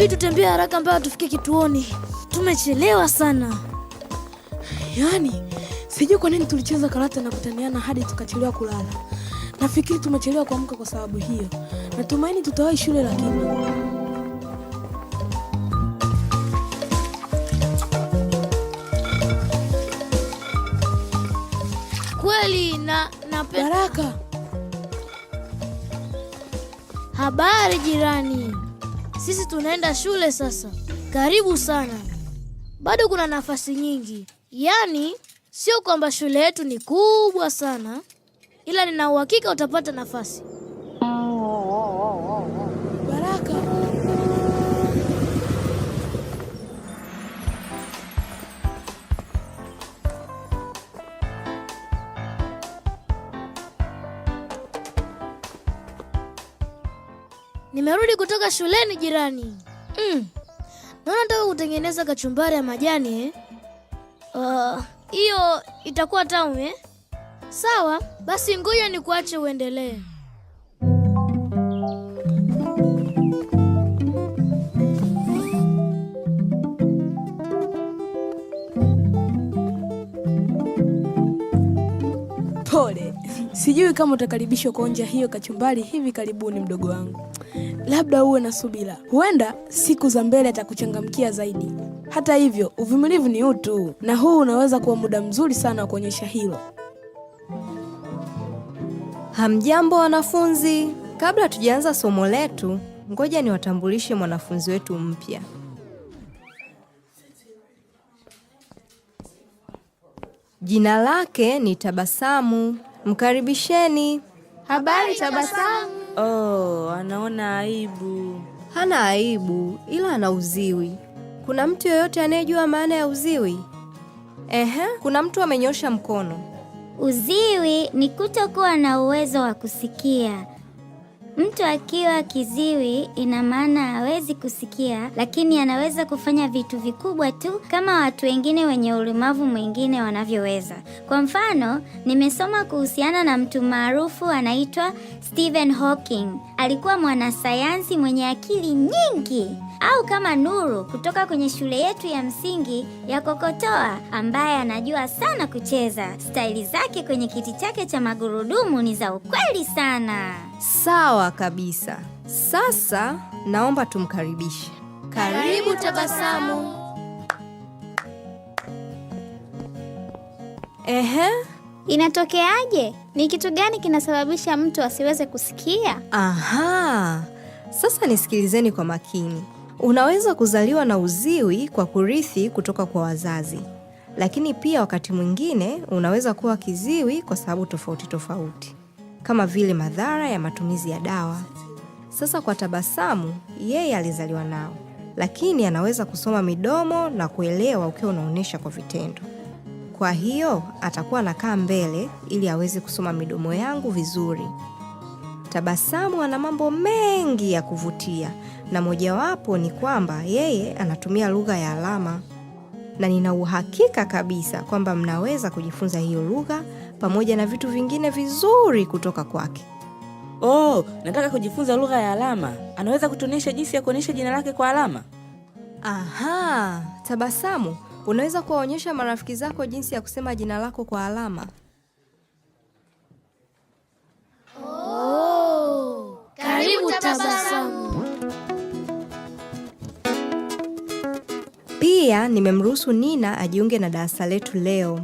inabidi tutembee haraka mpaka tufike kituoni. Tumechelewa sana. Yaani, sijui kwa nini tulicheza karata na kutaniana hadi tukachelewa kulala. Nafikiri tumechelewa kuamka kwa sababu hiyo. Natumaini tutawahi shule lakini kweli na, na Baraka. Habari jirani. Sisi tunaenda shule sasa. Karibu sana, bado kuna nafasi nyingi. Yaani sio kwamba shule yetu ni kubwa sana, ila nina uhakika utapata nafasi. Nimerudi kutoka shuleni jirani. Mm. Naona nataka kutengeneza kachumbari ya majani eh? Ah, hiyo uh, itakuwa tamu eh? Sawa, basi ngoja nikuache uendelee. Sijui kama utakaribishwa kuonja hiyo kachumbari hivi karibuni, mdogo wangu. Labda uwe na subira, huenda siku za mbele atakuchangamkia zaidi. Hata hivyo, uvumilivu ni utu, na huu unaweza kuwa muda mzuri sana wa kuonyesha hilo. Hamjambo wanafunzi, kabla tujaanza somo letu, ngoja niwatambulishe mwanafunzi wetu mpya. Jina lake ni Tabasamu. Mkaribisheni. Habari tabasamu. Oh, anaona aibu. Hana aibu, ila ana uziwi. Kuna mtu yoyote anayejua maana ya uziwi? Ehe, kuna mtu amenyosha mkono. Uziwi ni kutokuwa na uwezo wa kusikia. Mtu akiwa kiziwi ina maana hawezi kusikia, lakini anaweza kufanya vitu vikubwa tu kama watu wengine wenye ulemavu mwingine wanavyoweza. Kwa mfano, nimesoma kuhusiana na mtu maarufu anaitwa Stephen Hawking. Alikuwa mwanasayansi mwenye akili nyingi au kama Nuru kutoka kwenye shule yetu ya msingi ya Kokotoa ambaye anajua sana kucheza. Staili zake kwenye kiti chake cha magurudumu ni za ukweli sana. Sawa kabisa. Sasa naomba tumkaribishe. Karibu Tabasamu. Ehe. Inatokeaje? Ni kitu gani kinasababisha mtu asiweze kusikia? Aha. Sasa nisikilizeni kwa makini. Unaweza kuzaliwa na uziwi kwa kurithi kutoka kwa wazazi, lakini pia wakati mwingine unaweza kuwa kiziwi kwa sababu tofauti tofauti kama vile madhara ya matumizi ya dawa. Sasa kwa Tabasamu, yeye alizaliwa nao, lakini anaweza kusoma midomo na kuelewa ukiwa unaonyesha kwa vitendo. Kwa hiyo atakuwa anakaa mbele ili aweze kusoma midomo yangu vizuri. Tabasamu ana mambo mengi ya kuvutia, na mojawapo ni kwamba yeye anatumia lugha ya alama, na nina uhakika kabisa kwamba mnaweza kujifunza hiyo lugha pamoja na vitu vingine vizuri kutoka kwake. Oh, nataka kujifunza lugha ya alama. Anaweza kutuonyesha jinsi ya kuonyesha jina lake kwa alama? Aha, Tabasamu, unaweza kuwaonyesha marafiki zako jinsi ya kusema jina lako kwa alama. tabasamu. Pia nimemruhusu Nina ajiunge na darasa letu leo.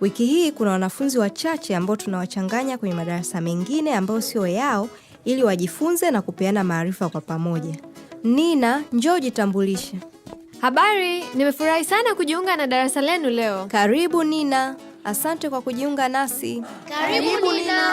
Wiki hii kuna wanafunzi wachache ambao tunawachanganya kwenye madarasa mengine ambayo sio yao ili wajifunze na kupeana maarifa kwa pamoja. Nina, njoo jitambulishe. Habari, nimefurahi sana kujiunga na darasa lenu leo. Karibu Nina. Asante kwa kujiunga nasi. Karibu Nina.